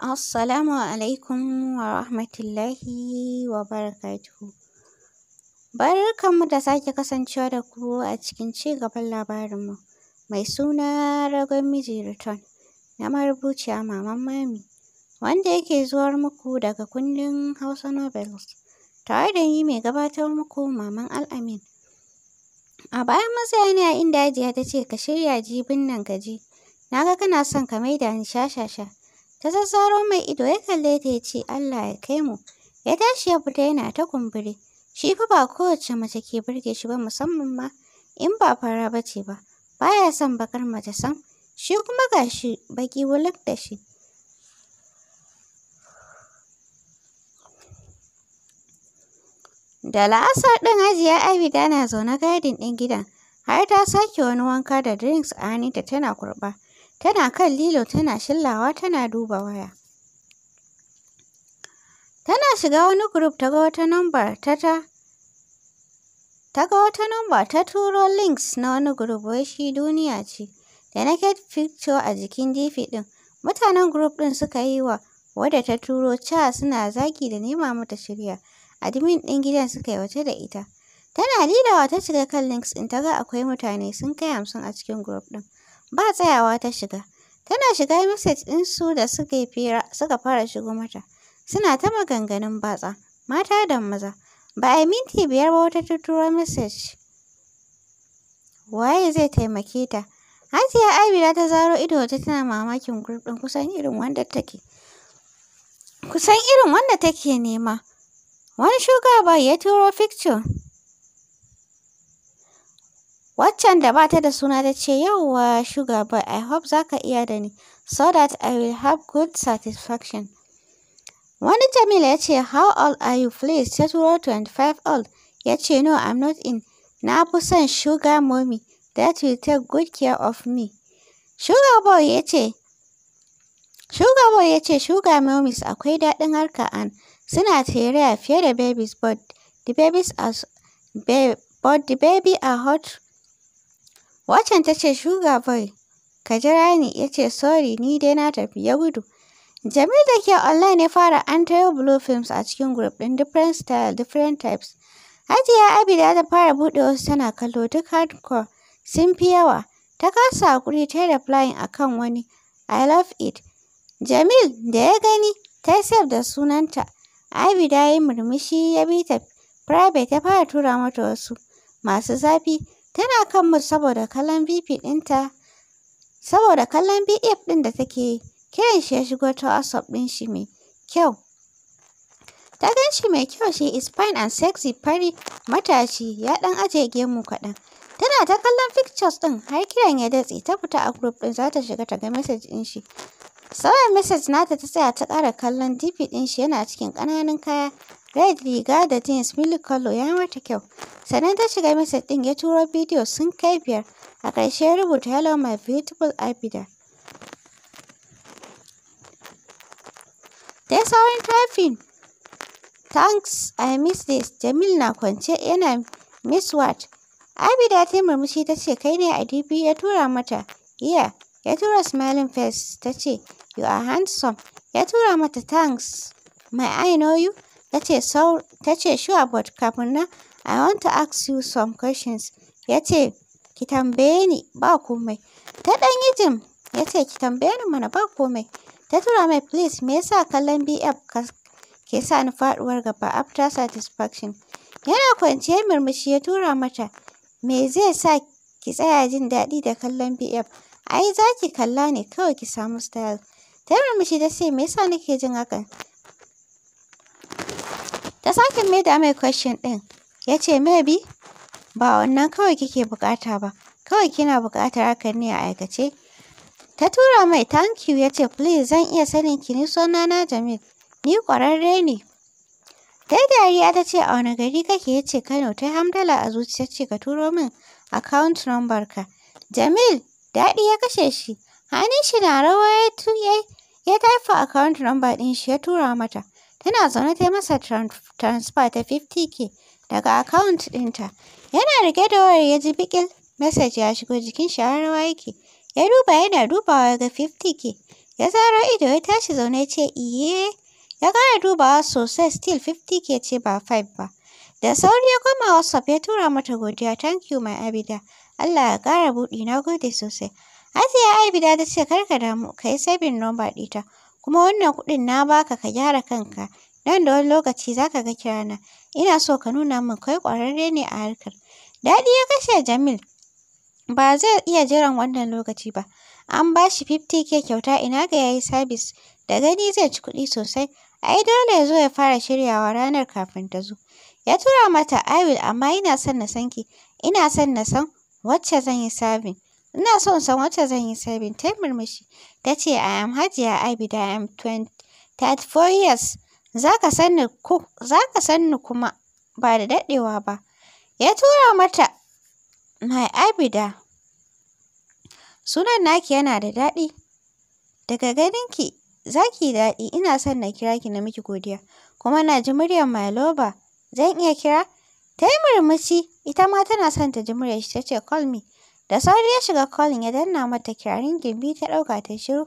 Assalamu alaikum wa rahmatullahi wa barakatuhu. Barkanmu da sake kasancewa da ku a cikin ci gaban labarinmu mai suna Ragon Miji Return na marubuciya Maman Mami wanda yake zuwar muku daga kundin Hausa Novels tare da yi mai gabatar muku Maman Al'amin. A bayan matsaya ne a inda Hajiya ta ce ka shirya jibin nan gaji, na ga kana son ka maida ni shashasha. Ta zazzaro mai ido ya kalle ta ya ce Allah ya kai mu. Ya tashi ya fita yana ta kumburi. Shi fa ba kowace mace ke burge shi ba musamman ma in ba fara ba ce ba. Baya son bakar mace sam. Shi kuma ga shi baki wulak da shi. Da la'asar ɗin ajiya Abida na zaune gadin ɗin gidan, har ta sake wani wanka da drinks a hannunta tana kurɓa. Tana kan lilo tana shillawa tana duba waya. Tana shiga wani group ta ga wata number ta ta ta ga wata number ta turo links na wani group wai shi duniya ce da naked picture a jikin jifi ɗin, Mutanen group ɗin suka yi wa wadda ta turo ca suna zaki da nema mata shirya. Admin ɗin gidan suka yi wace da ita. Tana lilawa ta shiga kan links din ta ga akwai mutane sun kai hamsin a cikin group din. Ba tsayawa ta shiga. Tana shiga message ɗin su da suka yi fira suka fara shigo mata. Suna ta maganganun batsa, mata da maza. Ba a yi minti biyar ba wata tutturo message. Waye zai taimake ta? Hajiya Abida ta zaro ido ta tana mamakin group kusan irin wanda take. Kusan irin wanda take nema. Wani shugaba ya turo picture. Waccan da ba ta da suna ta ce, Yawwa Sugar Boy, I hope za ka iya da ni, so that I will have good satisfaction. Wani Jamil ya ce, How old are you please? Ta turo five old. Ya ce, No, I'm not in. Na fi son Sugar Mommy. That will take good care of me. Sugar Boy ya ce, Sugar Boy ya ce, Sugar Mommies akwai daɗin harka an. Suna tarayya fiye da babies, but the babies are, but the baby are hot Waccan ta ce shuga boy, ka jira ni, ya ce sorry ni dai na tafi ya gudu. Jamil da ke online ya fara an tayo blue films a cikin group ɗin different style different types. Hajiya Abida da fara buɗe wasu tana kallo duk hardcore sun fi yawa. Ta kasa hakuri ta da flying a kan wani I love it. Jamil da ya gani ta save da sunanta. Abida ya yi murmushi ya bi ta private ya fara tura mata wasu masu zafi. Tana kan mu saboda kallon BP ɗinta, saboda kallon BF ɗin da take Kiran shi ya shigo ta WhatsApp ɗin shi mai kyau. Ta gan shi mai kyau shi is fine and sexy fari matashi ya ɗan ajiye gemu kaɗan. Tana ta kallon pictures ɗin har kiran ya datse ta fita a group ɗin za ta shiga ta ga message ɗin shi. Sauran Mrs. nata ta tsaya ta ƙara kallon DP ɗin shi yana cikin ƙananan kaya. Red riga da jeans milik color ya mata kyau. Sannan ta shiga message ɗin ya turo bidiyo sun kai biyar. A ƙarshe ya rubuta hello my beautiful Abida. Dai sauran typing. Thanks, I miss this. Jamil na kwance yana miss what? Abida ta yi murmushi ta ce kai ne a DP ya tura mata. Yeah, ya tura smiling face ta ce You are handsome. Ya tura mata thanks. May I know you? Ta ce sure but kafin nan I want to ask you some questions. Ya ce ki tambaye ni ba komai. Ta ɗan yi jim. Ya ce ki tambaye ni mana ba komai. Ta tura mai please me yasa kallon BF ke sa ni faduwar gaba after satisfaction. Yana kwance murmushi ya tura mata. Me zai sa ki tsaya jin daɗi da kallon BF? Ai za ki kalla ne kawai ki samu style. Ta yi da ta ce, me yasa nake jin hakan? Ta sake mai da mai question ɗin. Ya ce, maybe ba wannan kawai kike buƙata ba. Kawai kina buƙatar hakan ne a aikace. Ta tura mai thank you ya ce, please zan iya sanin ki ni sunana Jamil. Ni ƙwararre ne. Ta yi dariya ta ce, a wani gari kake ya ce Kano. Ta yi hamdala a zuciya ce, ka turo min account number ka. Jamil, daɗi ya kashe shi. Hannun shi na rawa ya Ya taifa akawunt namba ɗin shi ya tura mata. Tana zaune ta yi masa transfer ta 50k daga akawunt ɗinta. Yana rike da wayar ya ji bikin message ya shigo jikin shi har rawa yake. Ya duba yana dubawa ga 50k. Ya zara ido ya tashi zaune ce iye. Ya gara dubawa sosai still 50k ce ba 5 ba. Da sauri ya koma WhatsApp ya tura mata godiya thank you my Abida. Allah ya kara buɗi na gode sosai. Asiya da ta ce kar ka damu ka yi sabin nomba ɗita kuma wannan kuɗin na baka ka gyara kanka nan da wani lokaci za ka ga kirana ina so ka nuna min kai ƙwararre ne a harkar. Daɗi ya kashe Jamil ba zai iya jiran wannan lokaci ba an ba shi 50k kyauta ina ga ya yi sabis da gani zai ci kuɗi sosai ai dole ya zo ya fara shiryawa ranar kafin ta zo. Ya tura mata I will amma ina son na san ki ina son na san wacce zan yi sabin. Ina so in san wacce zan yi saving. Ta yi murmushi. Ta ce, I am Hajiya Abida, I am 34 years. Za ka san ni kuma ba da daɗewa ba. Ya tura mata, My Abida, sunan naki yana da daɗi. Daga ganinki za ki daɗi, ina son na kira ki na miki godiya. Kuma na ji muryar My Lover. Zan iya kira? Ta yi ita ma tana son ta ji muryar shi, ta ce, Call me. Da sauri ya shiga kolin ya danna mata kirarin gimbi ta ɗauka ta shiru.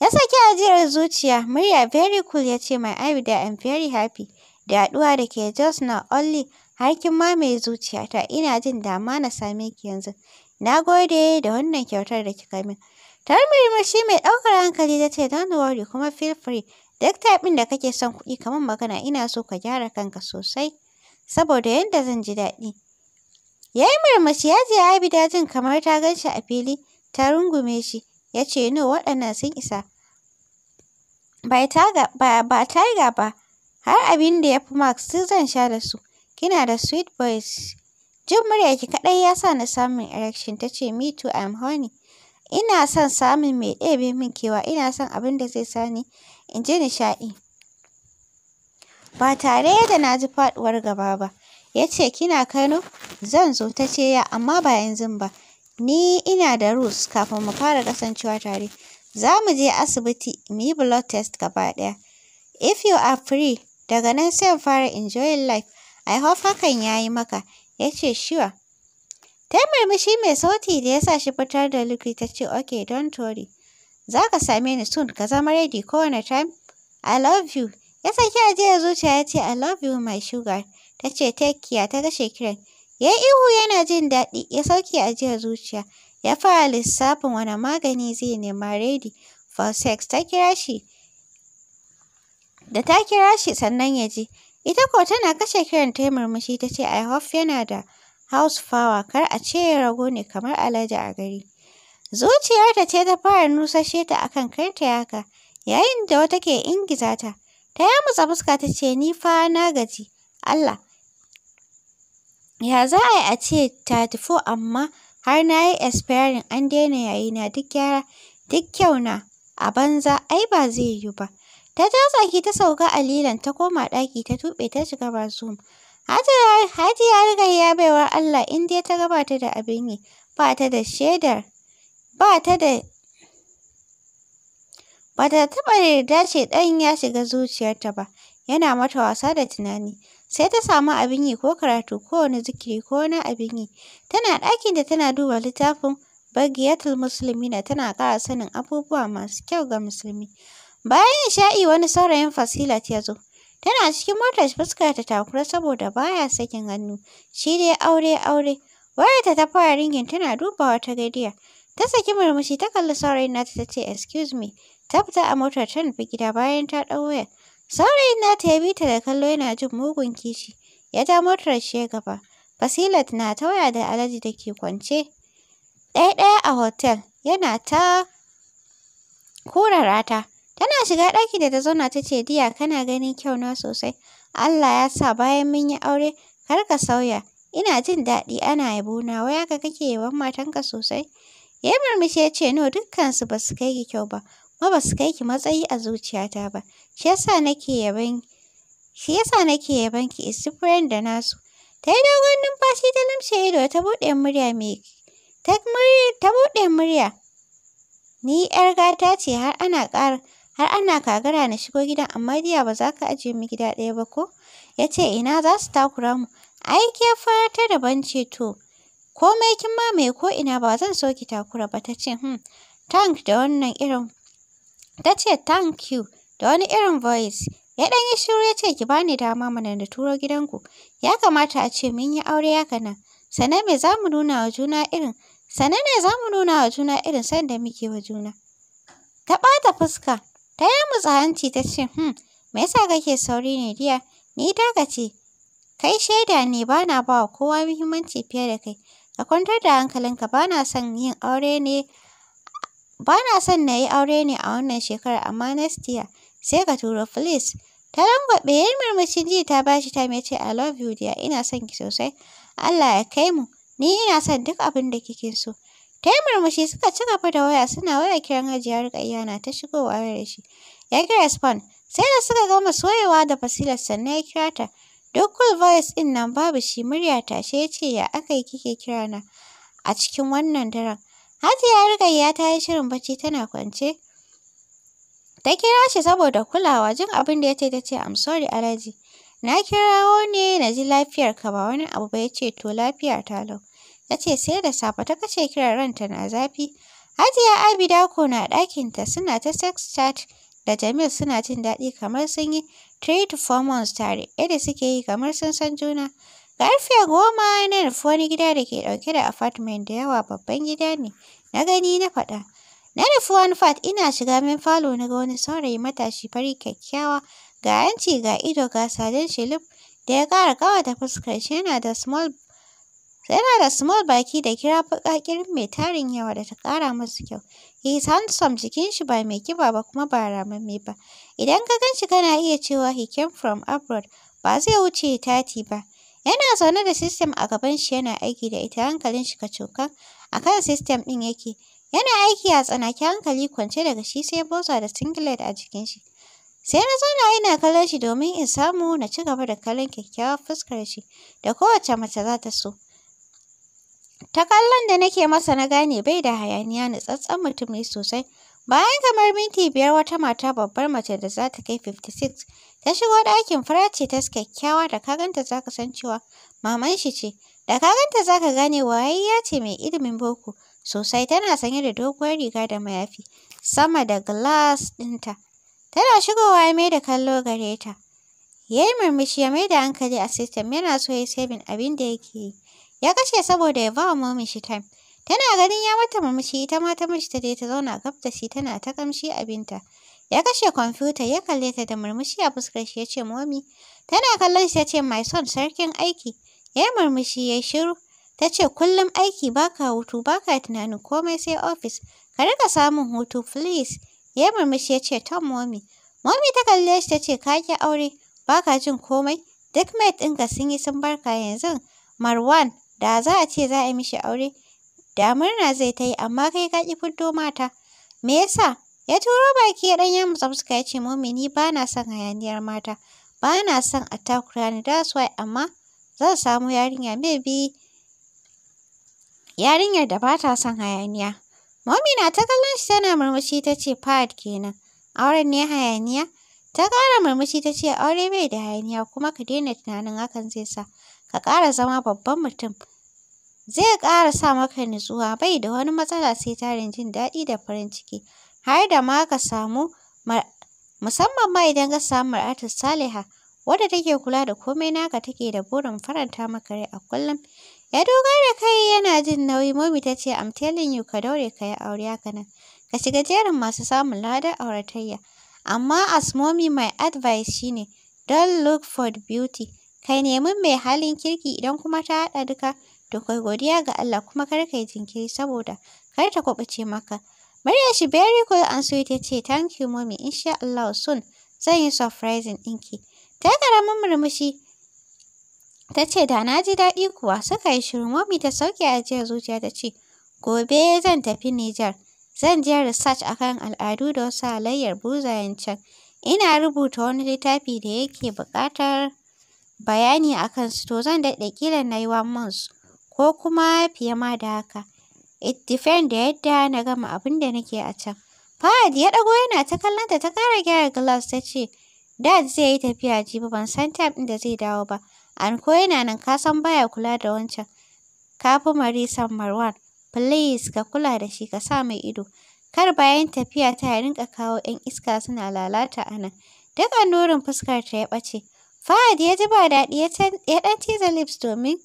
Ya saki ajiyar zuciya, murya very cool ya ce my Ivy da I'm very happy da haɗuwa da ke just na only har kin zuciya ta? ina jin dama na same ki yanzu. Na gode da wannan kyautar da kika min. Tar murmushi mai ɗaukar hankali ta ce don't worry kuma feel free duk taɓin da kake son kuɗi kamar magana ina so ka gyara kanka sosai saboda yadda zan ji daɗi. Ya yi murmushi ya je Abida jin kamar ta gan shi a fili, ta rungume shi, ya ce no waɗannan sun isa. Ba ga ba, har abin da ya fi max duk zan sha da su, kina da sweet boys. Jin muryarki kaɗai ya sa na samun erection ta ce me too I'm honey. Ina son samun mai ɗebe min kewa, ina son abin da zai sani in ji nishaɗi. Ba tare da na ji faɗuwar gaba ba. ya ce kina Kano? Zan zo ta ce ya amma ba yanzu ba. Ni ina da Rus kafin mu fara kasancewa tare. Za mu je asibiti mu yi blood test gaba ɗaya. If you are free, daga nan sai mu fara enjoying life. I hope hakan ya yi maka. Ya ce sure. Ta murmushi mai sauti da ya sa shi fitar da liquid ta ce okay don't worry. Za ka same ni sun ka zama ready kowane time. I love you. Ya saki ajiyar zuciya ya ce I love you my sugar. Ta ce take care ta kashe kiran. Ya yi ihu yana jin daɗi ya sauke ajiyar zuciya. Ya fara lissafin wani magani zai nema ready for sex ta kira shi. Da ta kira shi sannan ya ji. Ita ko tana kashe kiran ta yi murmushi ta ce I hope yana da house power kar a ce ya rago ne kamar alaji a gari. Zuciyarta ce ta fara nusashe ta akan kar ya yaka yayin da wata ke ingiza ta. Ta yamutsa fuska ta ce ni fa na gaji. Allah. Ya za a yi a ce 34 amma har na yi expiring an daina yayi na duk gyara duk na a banza ai ba zai yiwu ba. Ta ta tsaki ta sauka a lilan ta koma ɗaki ta tuɓe ta shiga ba ya Hajiya ya baiwa Allah in dai ta gabata da abin yi ba ta da shaidar ba ta da ba ta taɓa yarda ce ɗan ya shiga zuciyarta ba yana mata wasa da tunani. sai ta samu abin yi ko karatu ko wani zikiri ko wani abin yi. Tana ɗakin da tana duba littafin Bagiyatul musulmi na tana ƙara sanin abubuwa masu kyau ga musulmi. Bayan sha'i wani saurayin Fasilat ya zo. Tana cikin motar fuska ta takura saboda baya sakin hannu. Shi dai aure aure. Wayarta ta fara ringin tana dubawa ta gadiya. Ta saki murmushi ta kalli saurayin nata ta ce excuse me. Ta fita a motar ta nufi gida bayan ta ɗau wayar. Saurayin nata ya bi ta da kallo yana jin mugun kishi. Ya ja motar shi gaba. Fasilat na ta waya da alaji da ke kwance. Ɗaya-ɗaya a hotel yana ta kurara ta. Tana shiga ɗaki da ta zauna ta ce diya kana ganin kyau na sosai. Allah ya sa bayan mun yi aure kar ka sauya. Ina jin daɗi ana yabo na waya ka kake yawan matanka sosai. Ya murmushi ya ce no dukkansu ba su kai ki kyau ba. kuma ba su kai ki matsayi a zuciyata ba. Shi ya sa nake yabon shi ya sa nake yabon ki is different da nasu. Ta yi dogon numfashi ta limshe ido ta buɗe murya mai ta buɗe murya. Ni ‘yar gata ce har ana ƙara har ana kagara na shigo gidan amma diya ba za ka ajiye mu gida ɗaya ba ko? Ya ce ina za su takura mu. Ai ke fa ta daban ce to. Komai kin mamaye ko ina ba zan so ki takura ba ta ce hmm tank da wannan irin Ta ce "thank you" da wani irin voice. Ya ɗan yi shiru ya ce "ki bani dama mana da turo gidanku, ya kamata a ce mun yi aure haka nan, sannan me za mu nuna wa juna irin sannan ne za mu nuna wa juna irin son da muke wa juna." Ta ɓata fuska, ta yi mu hanci ta ce "hmm, me yasa kake sauri ne dear, ni ta ce, kai shaida ne ba na ba kowa muhimmanci fiye da kai, ka kwantar da hankalinka ba na son yin aure ne Ba na son na yi aure ne a wannan shekarar amma nastia sai ka turo please. Ta langwaɓe ya murmushi murmushin ji ta bashi, ta mai ce I love you dear, ina son ki sosai. Allah ya kai mu, ni ina son duk abin da kike so. Ta yi murmushi suka ci gaba da waya suna waya kiran hajiya Rukayya na ta shigowa da shi. Ya ki respond, sai da suka gama soyewa da fasilar sannan ya kira ta. Duk cool voice din nan babu shi murya tashe ya ce ya aka yi kike kira na a cikin wannan daren. Hajiya Rukayya ta yi shirin bacci tana kwance. Ta kira shi saboda kulawa jin abin da ya ce ta ce I'm sorry Alhaji. Na kirawo ne na ji lafiyar ka ba wani abu ba ya ce to lafiya ta lau. Ta ce sai da safe ta kashe kiran ranta na zafi. Hajiya Abida ko na ɗakinta suna ta sex chat da Jamil suna jin daɗi kamar sun yi three to four months tare, yadda suke yi kamar sun san juna. Ƙarfe goma na nufi wani gida da ke ɗauke da apartment da yawa babban gida ne. Na gani na faɗa. Na nufi wani fat ina shiga min falo na ga wani saurayi matashi fari kyakkyawa ga 'yanci, ga ido ga sadin shilif da ya ƙara ƙawata fuskar shi yana da small yana da small baki da kira baƙaƙirin mai tarin yawa da ta ƙara masu kyau. He is handsome jikin shi ba mai kiba ba kuma ba ramamme ba. Idan ka ganshi kana iya cewa he came from abroad ba zai wuce tati ba. Yana zaune da sistem a gaban shi yana aiki da ita hankalin shi kacokan a kan sistem ɗin yake. Yana aiki a tsanake hankali kwance daga shi sai boza da singlet a jikin shi. Sai na zauna yana kallon shi domin in samu na ci gaba da kallon kyakkyawar fuskar shi da kowace mace za ta so. Ta kallon da nake masa na gane bai da hayaniya na tsatsan mutum ne sosai. Bayan kamar minti biyar wata mata babbar mace da za ta kai 56 Ta shigo ɗakin fara ce ta kyakkyawa da ka ganta za ka san cewa maman shi ce. Da ka ganta za ka gane wayayya ce mai ilimin boko sosai tana sanye da doguwar riga da mayafi sama da glass ɗinta. Tana shigowa ya mai da kallo gare ta. Ya yi murmushi ya mai da hankali a system yana so ya sabin abin da yake yi. Ya kashe saboda ya ba wa momin shi time. Tana ganin ya mata murmushi ita ma ta ta je ta zauna gab da shi tana ta kamshi abinta. Ya kashe kwamfuta ya kalle ta da murmushi a fuskar shi ya ce momi. Tana kallon shi ta ce my son sarkin aiki. Ya yi murmushi ya shiru. Ta ce kullum aiki baka hutu baka tunanin komai sai ofis. Ka rika samun hutu please. Ya yi murmushi ya ce tom momi. Momi ta kalle shi ta ce ka ki aure baka jin komai. Duk mate ɗinka sun yi sun barka yanzu. Marwan da za a ce za a yi mishi aure. Da murna zai ta yi amma kai ka ƙi fiddo mata. Me yasa? Ya turo baki ya ɗan yamutsa fuska ya ce momi ni ba na son hayaniyar mata. Ba na son a takura ni that's why amma zan samu yarinya maybe yarinyar da ba ta son hayaniya. Momi ta kallon shi tana murmushi ta ce Fahad kenan. Auren ne hayaniya? Ta ƙara murmushi ta ce aure bai da hayaniya kuma ka daina tunanin hakan zai sa ka ƙara zama babban mutum. Zai ƙara sa maka nutsuwa bai da wani matsala sai tarin jin daɗi da farin ciki. har da ma ka samu musamman ma idan ka samu mar'atu saliha wadda take kula da komai naka take da burin faranta maka rai a kullum. Ya dogara da kai yana jin nauyi mami ta ce I'm telling you ka daure ka yi aure haka nan. Ka shiga jerin masu samun ladar auratayya. Amma as mami my advice shine don't look for the beauty. Kai nemi mai halin kirki idan kuma ta haɗa duka to kai godiya ga Allah kuma kar ka yi jinkiri saboda kar ta kwaɓace maka. Muryar shi very cool and sweet ya ce, Thank you mommy, insha Allah soon zan yi surprising ɗinki. Ta yi murmushi ta ce, Da na ji daɗi kuwa suka yi shiru mommy ta sauke ajiyar zuciya ta ce, Gobe zan tafi Nijar. Zan je research akan al'adu da wasu halayyar buzayen can. Ina rubuta wani littafi da yake buƙatar bayani akan kansu to zan daɗe ƙila na yi wa ko kuma fiye ma da haka. It depend da yadda na gama abin da nake a can. Fahad ya ɗago yana ta kallonta ta ƙara gyara glass ta ce, Dad zai yi tafiya jibi ban san time ɗin da zai dawo ba. Anko yana nan ka san baya kula da wancan. Ka fi san Marwan. Please ka kula da shi ka sa mai ido. Kar bayan tafiya ta ya rinƙa kawo 'yan iska suna lalata a nan. Duk nurin fuskar ta ya ɓace. Fahad ya ji ba daɗi ya ɗan ciza lips domin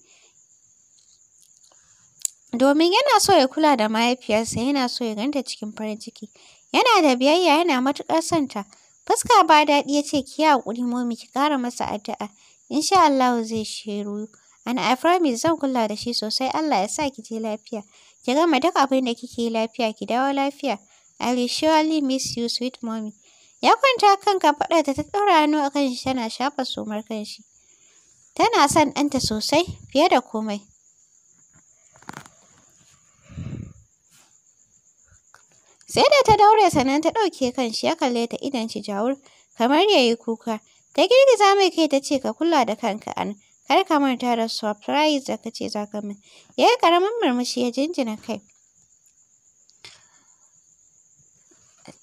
domin yana so ya kula da mahaifiyarsa yana so ya ganta cikin farin ciki. Yana da biyayya yana matuƙar son ta. Fuska ba daɗi ya ce ki yi haƙuri momi ki ƙara masa addu'a. Insha Allah zai shiru. Ana aframi zan kula da shi sosai Allah ya sa ki je lafiya. Ki gama duk abin da kike yi lafiya ki dawo lafiya. I will surely miss you sweet mommy. Ya kwanta kan kafaɗarta ta ɗaura hannu a kan shi tana shafa somar kan shi. Tana son ɗanta sosai fiye da komai. Sai da ta daure sannan ta ɗauke kanshi ya kalle ta idan shi jawur kamar ya yi kuka. Ta girgiza mai kai ta ce ka kula da kanka an. Kar ka manta da surprise da ka ce za ka min. Ya yi ƙaramin murmushi ya jinjina kai.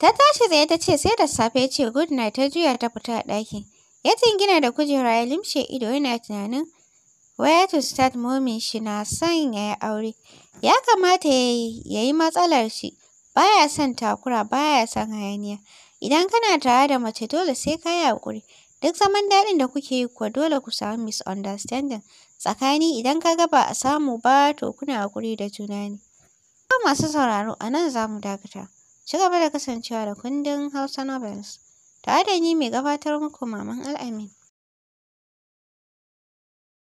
Ta tashi zai ta ce sai da safe ya ce good night ta juya ta fita a ɗakin. Ya jingina da kujera ya limshe ido yana tunanin where to start momin shi na son ya yi aure. Ya kamata ya yi matsalar shi. Baya son takura, baya son hayaniya. Idan kana tare da mace dole sai ka yi haƙuri. Duk zaman daɗin da kuke yi kuwa dole ku samu misunderstanding tsakani idan ka ga ba a samu ba to kuna hakuri da juna ne. Ba masu sauraro a nan za mu dakata. Ci gaba da kasancewa da kundin Hausa Novels. Tare da ni mai gabatar muku Maman Al'amin.